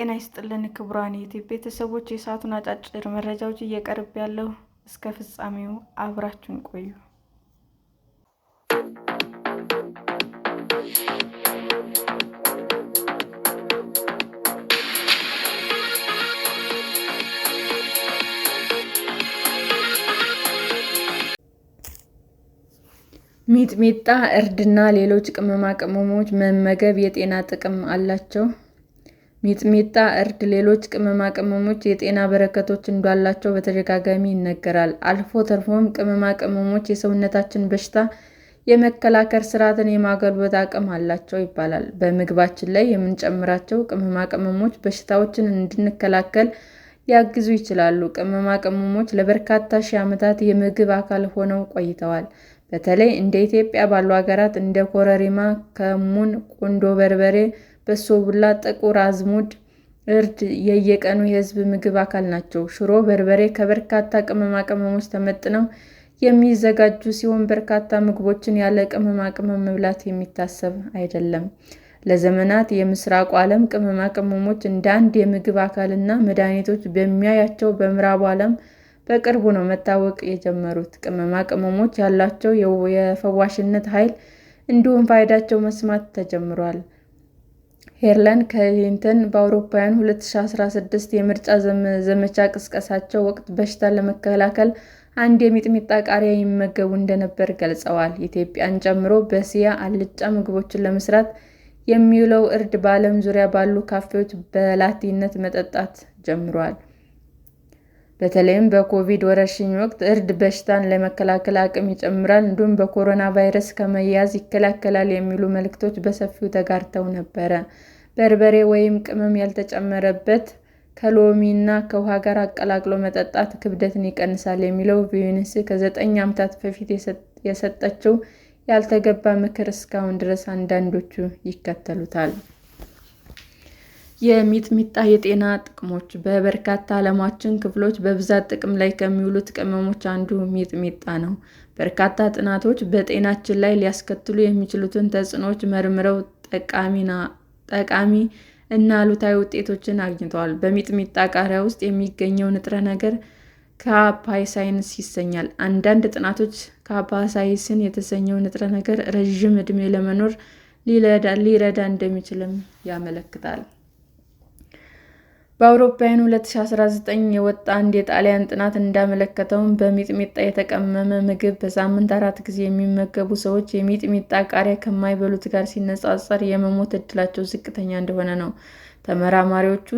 ጤና ይስጥልን ክቡራን ዩቲዩብ ቤተሰቦች፣ የሰዓቱን አጫጭር መረጃዎች እየቀርብ ያለው እስከ ፍጻሜው አብራችን ቆዩ። ሚጥሚጣ፣ እርድና ሌሎች ቅመማ ቅመሞች መመገብ የጤና ጥቅም አላቸው። ሚጥሚጣ፣ እርድ፣ ሌሎች ቅመማ ቅመሞች የጤና በረከቶች እንዳላቸው በተደጋጋሚ ይነገራል። አልፎ ተርፎም ቅመማ ቅመሞች የሰውነታችንን በሽታ የመከላከል ስርዓትን የማጎልበት አቅም አላቸው ይባላል። በምግባችን ላይ የምንጨምራቸው ቅመማ ቅመሞች በሽታዎችን እንድንከላከል ሊያግዙ ይችላሉ። ቅመማ ቅመሞች ለበርካታ ሺህ ዓመታት የምግብ አካል ሆነው ቆይተዋል። በተለይ እንደ ኢትዮጵያ ባሉ ሀገራት እንደ ኮረሪማ፣ ከሙን፣ ቁንዶ በርበሬ በሶ ጥቁር አዝሙድ፣ እርድ የየቀኑ የህዝብ ምግብ አካል ናቸው። ሽሮ በርበሬ ከበርካታ ቅመማ ቅመሞች ተመጥነው የሚዘጋጁ ሲሆን በርካታ ምግቦችን ያለ ቅመማ ቅመም መብላት የሚታሰብ አይደለም። ለዘመናት የምስራቁ ዓለም ቅመማ ቅመሞች እንደ አንድ የምግብ አካልና መድኃኒቶች በሚያያቸው በምዕራቡ ዓለም በቅርቡ ነው መታወቅ የጀመሩት። ቅመማ ቅመሞች ያላቸው የፈዋሽነት ኃይል እንዲሁም ፋይዳቸው መስማት ተጀምሯል። ሂላሪ ክሊንተን በአውሮፓውያን 2016 የምርጫ ዘመቻ ቅስቀሳቸው ወቅት በሽታን ለመከላከል አንድ የሚጥሚጣ ቃሪያ ይመገቡ እንደነበር ገልጸዋል። ኢትዮጵያን ጨምሮ በእስያ አልጫ ምግቦችን ለመስራት የሚውለው እርድ በዓለም ዙሪያ ባሉ ካፌዎች በላቲነት መጠጣት ጀምሯል። በተለይም በኮቪድ ወረርሽኝ ወቅት እርድ በሽታን ለመከላከል አቅም ይጨምራል እንዲሁም በኮሮና ቫይረስ ከመያዝ ይከላከላል የሚሉ መልክቶች በሰፊው ተጋርተው ነበረ። በርበሬ ወይም ቅመም ያልተጨመረበት ከሎሚ ከውሃ ጋር አቀላቅሎ መጠጣት ክብደትን ይቀንሳል የሚለው ቢዩሲ ከዘጠኝ ዓመታት በፊት የሰጠችው ያልተገባ ምክር እስካሁን ድረስ አንዳንዶቹ ይከተሉታል። የሚጥሚጣ የጤና ጥቅሞች በበርካታ ዓለማችን ክፍሎች በብዛት ጥቅም ላይ ከሚውሉት ቅመሞች አንዱ ሚጥሚጣ ነው። በርካታ ጥናቶች በጤናችን ላይ ሊያስከትሉ የሚችሉትን ተጽዕኖዎች መርምረው ጠቃሚ እና አሉታዊ ውጤቶችን አግኝተዋል። በሚጥሚጣ ቃሪያ ውስጥ የሚገኘው ንጥረ ነገር ካፓሳይንስ ይሰኛል። አንዳንድ ጥናቶች ካፓሳይሲን የተሰኘው ንጥረ ነገር ረዥም ዕድሜ ለመኖር ሊረዳ እንደሚችልም ያመለክታል። በአውሮፓውያኑ 2019 የወጣ አንድ የጣሊያን ጥናት እንዳመለከተውም በሚጥሚጣ የተቀመመ ምግብ በሳምንት አራት ጊዜ የሚመገቡ ሰዎች የሚጥሚጣ ቃሪያ ከማይበሉት ጋር ሲነጻጸር የመሞት እድላቸው ዝቅተኛ እንደሆነ ነው። ተመራማሪዎቹ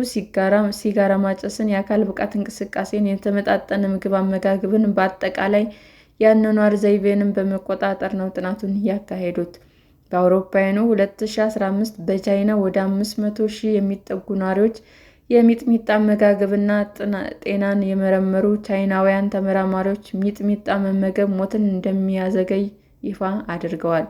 ሲጋራ ማጨስን፣ የአካል ብቃት እንቅስቃሴን፣ የተመጣጠነ ምግብ አመጋገብን፣ በአጠቃላይ የአኗኗር ዘይቤንም በመቆጣጠር ነው ጥናቱን ያካሄዱት። በአውሮፓውያኑ 2015 በቻይና ወደ 500 ሺህ የሚጠጉ ነዋሪዎች የሚጥሚጣ አመጋገብና ጤናን የመረመሩ ቻይናውያን ተመራማሪዎች ሚጥሚጣ መመገብ ሞትን እንደሚያዘገይ ይፋ አድርገዋል።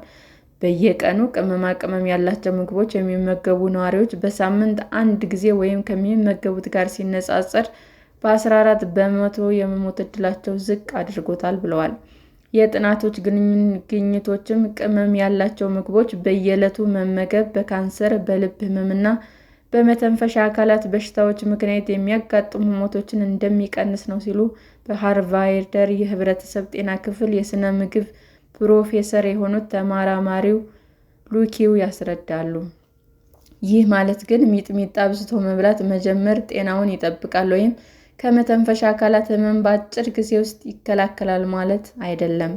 በየቀኑ ቅመማ ቅመም ያላቸው ምግቦች የሚመገቡ ነዋሪዎች በሳምንት አንድ ጊዜ ወይም ከሚመገቡት ጋር ሲነጻጸር በ14 በመቶ የመሞት ዕድላቸው ዝቅ አድርጎታል ብለዋል። የጥናቶች ግኝቶችም ቅመም ያላቸው ምግቦች በየዕለቱ መመገብ በካንሰር፣ በልብ ህመምና በመተንፈሻ አካላት በሽታዎች ምክንያት የሚያጋጥሙ ሞቶችን እንደሚቀንስ ነው ሲሉ በሃርቫርድ የህብረተሰብ ጤና ክፍል የስነ ምግብ ፕሮፌሰር የሆኑት ተመራማሪው ሉኪው ያስረዳሉ። ይህ ማለት ግን ሚጥሚጣ አብዝቶ መብላት መጀመር ጤናውን ይጠብቃል ወይም ከመተንፈሻ አካላት ህመም በአጭር ጊዜ ውስጥ ይከላከላል ማለት አይደለም።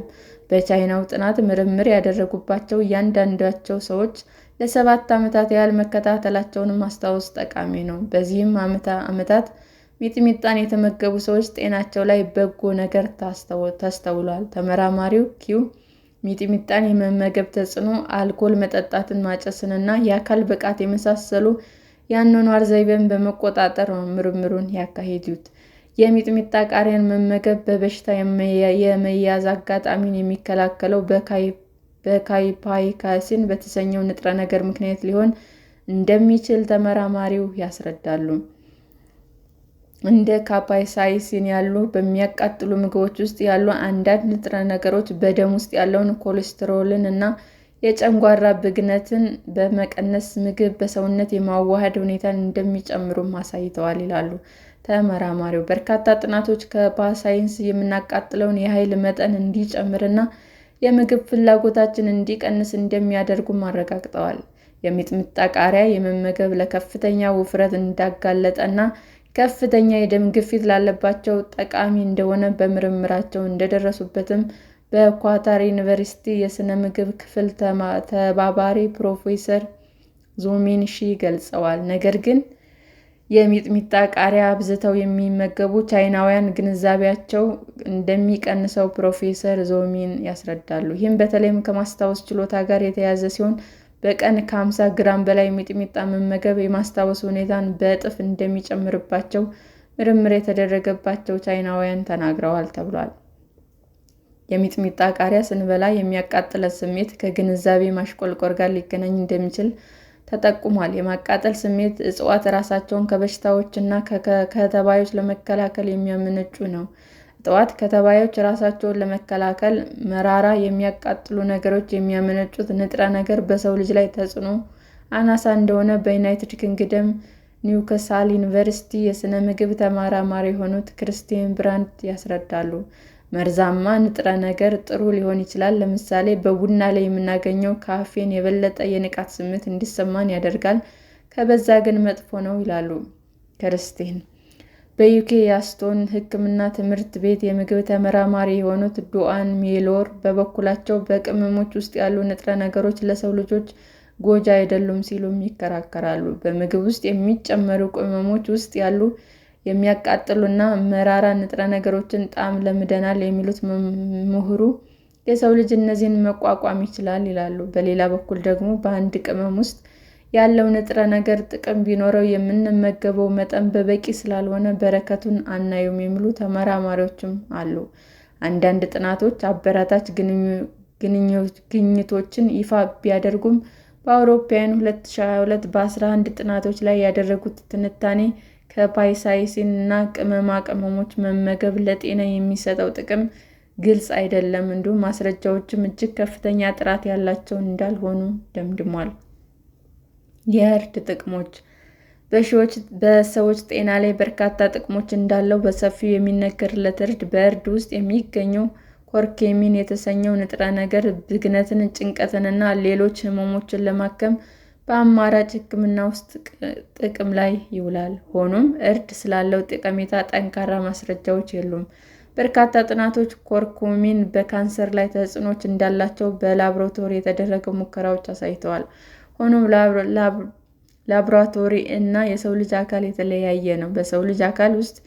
በቻይናው ጥናት ምርምር ያደረጉባቸው እያንዳንዳቸው ሰዎች ለሰባት ዓመታት ያህል መከታተላቸውን ማስታወስ ጠቃሚ ነው። በዚህም ዓመታት ሚጥሚጣን የተመገቡ ሰዎች ጤናቸው ላይ በጎ ነገር ተስተውሏል። ተመራማሪው ኪው ሚጥሚጣን የመመገብ ተጽዕኖ አልኮል መጠጣትን፣ ማጨስንና የአካል ብቃት የመሳሰሉ የአኗኗር ዘይቤን በመቆጣጠር ነው ምርምሩን ያካሂዱት። የሚጥሚጣ ቃሪያን መመገብ በበሽታ የመያዝ አጋጣሚን የሚከላከለው በካይፓይካሲን በተሰኘው ንጥረ ነገር ምክንያት ሊሆን እንደሚችል ተመራማሪው ያስረዳሉ። እንደ ካፓይሳይሲን ያሉ በሚያቃጥሉ ምግቦች ውስጥ ያሉ አንዳንድ ንጥረ ነገሮች በደም ውስጥ ያለውን ኮሌስትሮልን እና የጨንጓራ ብግነትን በመቀነስ ምግብ በሰውነት የማዋሃድ ሁኔታን እንደሚጨምሩም አሳይተዋል ይላሉ ተመራማሪው። በርካታ ጥናቶች ከባሳይንስ የምናቃጥለውን የኃይል መጠን እንዲጨምርና የምግብ ፍላጎታችን እንዲቀንስ እንደሚያደርጉም አረጋግጠዋል። የሚጥሚጣ ቃሪያ የመመገብ ለከፍተኛ ውፍረት እንዳጋለጠና ከፍተኛ የደም ግፊት ላለባቸው ጠቃሚ እንደሆነ በምርምራቸው እንደደረሱበትም በኳታር ዩኒቨርሲቲ የሥነ ምግብ ክፍል ተባባሪ ፕሮፌሰር ዞሜን ሺ ገልጸዋል። ነገር ግን የሚጥሚጣ ቃሪያ አብዝተው የሚመገቡ ቻይናውያን ግንዛቤያቸው እንደሚቀንሰው ፕሮፌሰር ዞሚን ያስረዳሉ። ይህም በተለይም ከማስታወስ ችሎታ ጋር የተያያዘ ሲሆን በቀን ከ50 ግራም በላይ ሚጥሚጣ መመገብ የማስታወስ ሁኔታን በእጥፍ እንደሚጨምርባቸው ምርምር የተደረገባቸው ቻይናውያን ተናግረዋል ተብሏል። የሚጥሚጣ ቃሪያ ስንበላ የሚያቃጥለን ስሜት ከግንዛቤ ማሽቆልቆር ጋር ሊገናኝ እንደሚችል ተጠቁሟል። የማቃጠል ስሜት እጽዋት ራሳቸውን ከበሽታዎች እና ከተባዮች ለመከላከል የሚያመነጩ ነው። እጽዋት ከተባዮች ራሳቸውን ለመከላከል መራራ የሚያቃጥሉ ነገሮች የሚያመነጩት ንጥረ ነገር በሰው ልጅ ላይ ተጽዕኖ አናሳ እንደሆነ በዩናይትድ ኪንግደም ኒውካስል ዩኒቨርሲቲ የሥነ ምግብ ተመራማሪ የሆኑት ክርስቲን ብራንድ ያስረዳሉ። መርዛማ ንጥረ ነገር ጥሩ ሊሆን ይችላል። ለምሳሌ በቡና ላይ የምናገኘው ካፌን የበለጠ የንቃት ስሜት እንዲሰማን ያደርጋል፣ ከበዛ ግን መጥፎ ነው ይላሉ ክርስቲን። በዩኬ የአስቶን ሕክምና ትምህርት ቤት የምግብ ተመራማሪ የሆኑት ዱአን ሜሎር በበኩላቸው በቅመሞች ውስጥ ያሉ ንጥረ ነገሮች ለሰው ልጆች ጎጂ አይደሉም ሲሉም ይከራከራሉ። በምግብ ውስጥ የሚጨመሩ ቅመሞች ውስጥ ያሉ የሚያቃጥሉና መራራ ንጥረ ነገሮችን ጣም ለምደናል የሚሉት ምሁሩ የሰው ልጅ እነዚህን መቋቋም ይችላል ይላሉ። በሌላ በኩል ደግሞ በአንድ ቅመም ውስጥ ያለው ንጥረ ነገር ጥቅም ቢኖረው የምንመገበው መጠን በበቂ ስላልሆነ በረከቱን አናዩም የሚሉ ተመራማሪዎችም አሉ። አንዳንድ ጥናቶች አበረታች ግኝቶችን ይፋ ቢያደርጉም በአውሮፓውያን 2022 በ11 ጥናቶች ላይ ያደረጉት ትንታኔ ከፓይሳይሲን እና ቅመማ ቅመሞች መመገብ ለጤና የሚሰጠው ጥቅም ግልጽ አይደለም እንዲሁም ማስረጃዎችም እጅግ ከፍተኛ ጥራት ያላቸው እንዳልሆኑ ደምድሟል። የእርድ ጥቅሞች በሰዎች ጤና ላይ በርካታ ጥቅሞች እንዳለው በሰፊው የሚነገርለት እርድ በእርድ ውስጥ የሚገኘው ኮርኬሚን የተሰኘው ንጥረ ነገር ብግነትን፣ ጭንቀትንና ሌሎች ህመሞችን ለማከም በአማራጭ ሕክምና ውስጥ ጥቅም ላይ ይውላል። ሆኖም እርድ ስላለው ጠቀሜታ ጠንካራ ማስረጃዎች የሉም። በርካታ ጥናቶች ኮርኩሚን በካንሰር ላይ ተጽዕኖች እንዳላቸው በላቦራቶሪ የተደረጉ ሙከራዎች አሳይተዋል። ሆኖም ላቦራቶሪ እና የሰው ልጅ አካል የተለያየ ነው። በሰው ልጅ አካል ውስጥ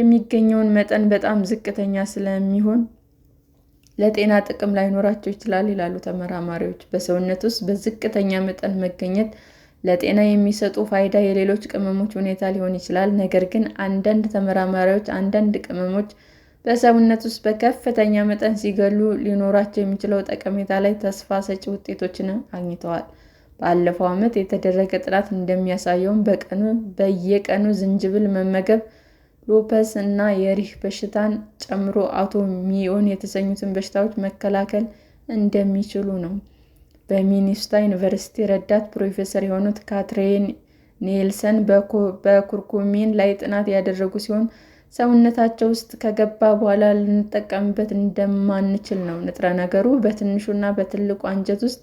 የሚገኘውን መጠን በጣም ዝቅተኛ ስለሚሆን ለጤና ጥቅም ላይኖራቸው ይችላል ይላሉ ተመራማሪዎች። በሰውነት ውስጥ በዝቅተኛ መጠን መገኘት ለጤና የሚሰጡ ፋይዳ የሌሎች ቅመሞች ሁኔታ ሊሆን ይችላል። ነገር ግን አንዳንድ ተመራማሪዎች አንዳንድ ቅመሞች በሰውነት ውስጥ በከፍተኛ መጠን ሲገሉ ሊኖራቸው የሚችለው ጠቀሜታ ላይ ተስፋ ሰጪ ውጤቶችን አግኝተዋል። ባለፈው ዓመት የተደረገ ጥናት እንደሚያሳየውም በቀኑ በየቀኑ ዝንጅብል መመገብ ሎፐስ እና የሪህ በሽታን ጨምሮ አቶ ሚዮን የተሰኙትን በሽታዎች መከላከል እንደሚችሉ ነው። በሚኒሶታ ዩኒቨርሲቲ ረዳት ፕሮፌሰር የሆኑት ካትሪን ኔልሰን በኩርኩሚን ላይ ጥናት ያደረጉ ሲሆን ሰውነታቸው ውስጥ ከገባ በኋላ ልንጠቀምበት እንደማንችል ነው። ንጥረ ነገሩ በትንሹና በትልቁ አንጀት ውስጥ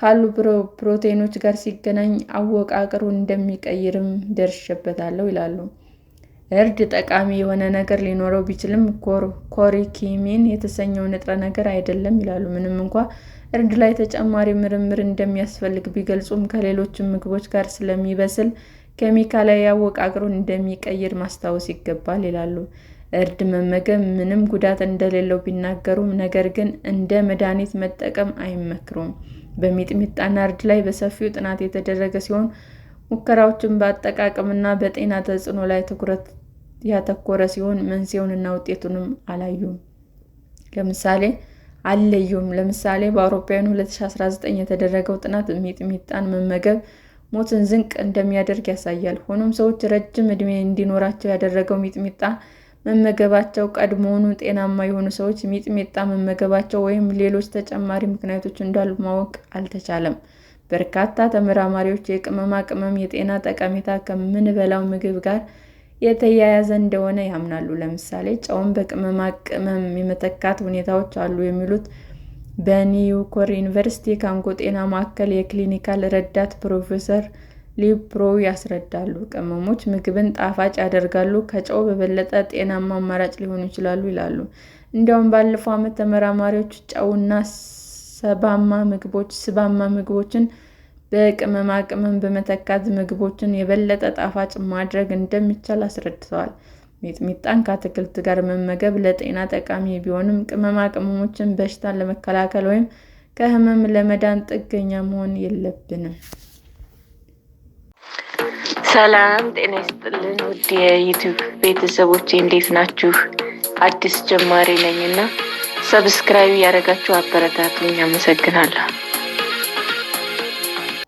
ካሉ ፕሮቴኖች ጋር ሲገናኝ አወቃቀሩ እንደሚቀይርም ደርሼበታለሁ ይላሉ። እርድ ጠቃሚ የሆነ ነገር ሊኖረው ቢችልም ኮሪኪሚን የተሰኘው ንጥረ ነገር አይደለም ይላሉ። ምንም እንኳ እርድ ላይ ተጨማሪ ምርምር እንደሚያስፈልግ ቢገልጹም፣ ከሌሎችም ምግቦች ጋር ስለሚበስል ኬሚካላዊ አወቃቀሩን እንደሚቀይር ማስታወስ ይገባል ይላሉ። እርድ መመገብ ምንም ጉዳት እንደሌለው ቢናገሩም፣ ነገር ግን እንደ መድኃኒት መጠቀም አይመክሩም። በሚጥሚጣና እርድ ላይ በሰፊው ጥናት የተደረገ ሲሆን ሙከራዎችን በአጠቃቀምና በጤና ተጽዕኖ ላይ ትኩረት ያተኮረ ሲሆን መንስኤውንና ውጤቱንም አላዩም። ለምሳሌ አልለዩም። ለምሳሌ በአውሮፓውያኑ 2019 የተደረገው ጥናት ሚጥሚጣን መመገብ ሞትን ዝንቅ እንደሚያደርግ ያሳያል። ሆኖም ሰዎች ረጅም ዕድሜ እንዲኖራቸው ያደረገው ሚጥሚጣ መመገባቸው ቀድሞውኑ ጤናማ የሆኑ ሰዎች ሚጥሚጣ መመገባቸው ወይም ሌሎች ተጨማሪ ምክንያቶች እንዳሉ ማወቅ አልተቻለም። በርካታ ተመራማሪዎች የቅመማ ቅመም የጤና ጠቀሜታ ከምንበላው ምግብ ጋር የተያያዘ እንደሆነ ያምናሉ። ለምሳሌ ጨውን በቅመማ ቅመም የመተካት ሁኔታዎች አሉ የሚሉት በኒውኮር ዩኒቨርሲቲ ካንጎ ጤና ማዕከል የክሊኒካል ረዳት ፕሮፌሰር ሊፕሮ ያስረዳሉ። ቅመሞች ምግብን ጣፋጭ ያደርጋሉ፣ ከጨው በበለጠ ጤናማ አማራጭ ሊሆኑ ይችላሉ ይላሉ። እንዲያውም ባለፈው ዓመት ተመራማሪዎች ጨውና ስባማ ምግቦች ስባማ ምግቦችን በቅመማ ቅመም በመተካት ምግቦችን የበለጠ ጣፋጭ ማድረግ እንደሚቻል አስረድተዋል። ሚጥሚጣን ከአትክልት ጋር መመገብ ለጤና ጠቃሚ ቢሆንም ቅመማ ቅመሞችን በሽታን ለመከላከል ወይም ከህመም ለመዳን ጥገኛ መሆን የለብንም። ሰላም ጤና ይስጥልን ውድ የዩቱብ ቤተሰቦች እንዴት ናችሁ? አዲስ ጀማሪ ነኝ እና ሰብስክራይብ ያደረጋችሁ አበረታቱኝ። አመሰግናለሁ።